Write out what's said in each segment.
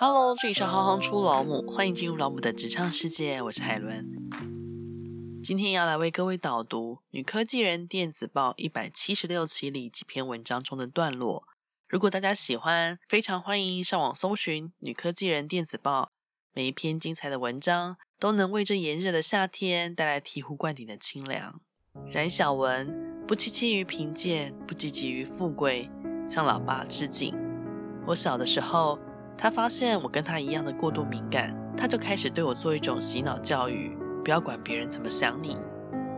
Hello，這裡是行行出老母，歡迎進入老母的職場世界。我是海倫，今天要來為各位導讀《女科技人電子報》一百七十六期裡幾篇文章中的段落。如果大家喜歡，非常歡迎上網搜尋《女科技人電子報》。每一篇精彩的文章，都能為這炎熱的夏天帶來醍醐灌頂的清涼。冉曉雯不戚戚於貧賤，不汲汲於，於富貴，向老爸致敬。我小的時候。他發現我跟他一樣的過度敏感，他就開始對我做一種洗腦教育，不要管別人怎麼想你。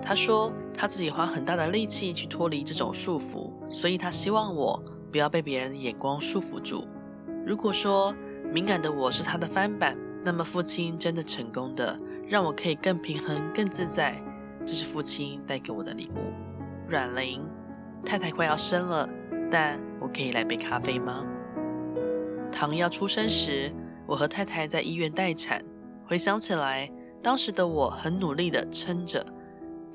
他說他自己花很大的力氣去脫離這種束縛，所以他希望我不要被別人的眼光束縛住。如果說敏感的我是他的翻版，那麼父親真的成功的讓我可以更平衡、更自在，這是父親帶給我的禮物。阮淩，太太快要生了，但我可以來杯咖啡嗎？唐要出生時，我和太太在醫院待產。回想起來，當時的我很努力地撐着，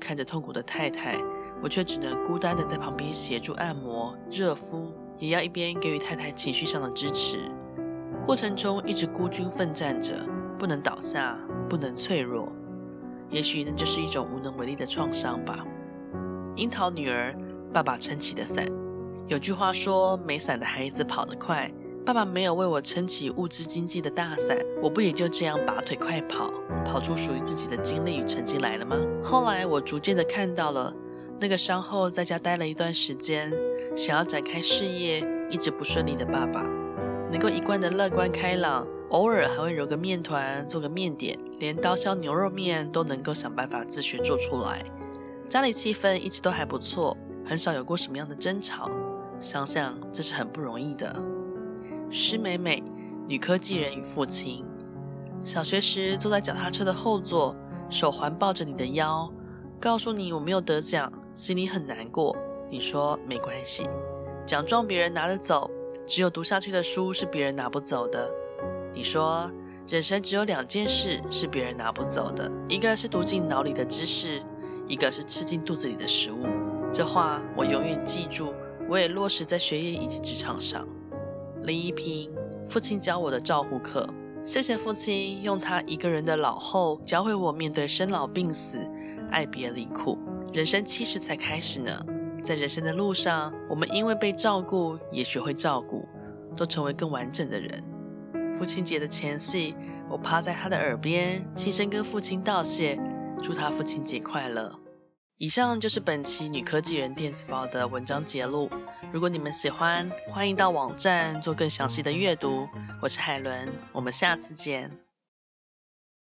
看着痛苦的太太，我卻只能孤單地在旁邊協助按摩、熱敷，也要一邊給予太太情緒上的支持。過程中一直孤軍奮戰着，不能倒下，不能脆弱。也許那就是一種無能為力的創傷吧。櫻桃女兒，爸爸撐起的傘。有句話說：“沒傘的孩子跑得快。”爸爸沒有為我撐起物質經濟的大傘，我不也就這樣拔腿快跑，跑出屬於自己的經歷與成績來了嗎？後來我逐漸的看到了那個傷後在家待了一段時間，想要展開事業一直不順利的爸爸，能夠一貫的樂觀開朗，偶爾還會揉個麵團做個麵點，連刀削牛肉麵都能夠想辦法自學做出來。家裡氣氛一直都還不錯，很少有過什麼樣的爭吵。想想這是很不容易的。施媺嬍，女科技人與父親。小學時坐在腳踏車的後座，手環抱着你的腰，告訴你我沒有得獎，心裡很難過。你說沒關係，獎狀別人拿得走，只有讀下去的書是別人拿不走的。你說人生只有兩件事是別人拿不走的，一個是讀進腦裡的知識，一個是吃進肚子裡的食物。這話我永遠記住，我也落實在學業以及職場上。林宜平，父親教我的照護課。謝謝父親，用他一個人的老後教會我面對生老病死、愛別離苦。人生七十才開始呢，在人生的路上，我們因為被照顧，也學會照顧，都成為更完整的人。父親節的前夕，我趴在他的耳邊，輕聲跟父親道謝，祝他父親節快樂。以上就是本期《女科技人電子報》的文章節錄。如果你們喜歡，歡迎到網站做更詳細的閱讀。我是海倫，我們下次見。